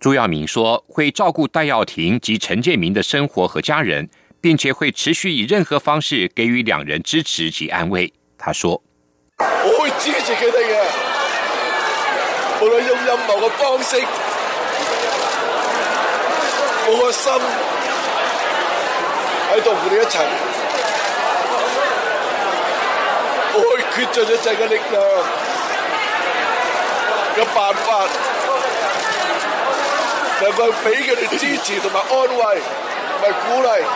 朱耀明說會照顧戴耀廷及陳健民的生活和家人，並且會持續以任何方式給予兩人支持及安慰。他說：“我會支持佢哋嘅，無論用任何嘅方式，我嘅心喺度同佢哋一齊，我會竭盡一切力量嘅辦法。”係咪俾佢哋支持同埋安慰同埋鼓勵？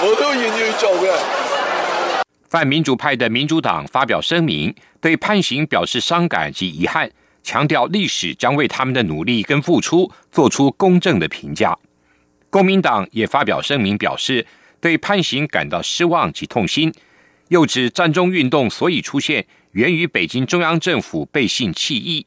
我都願意做嘅。泛民主派的民主黨發表聲明，對判刑表示傷感及遺憾，強調歷史將為他們的努力跟付出做出公正的評價。公民黨也發表聲明，表示對判刑感到失望及痛心，又指佔中運動所以出現，源於北京中央政府背信棄義。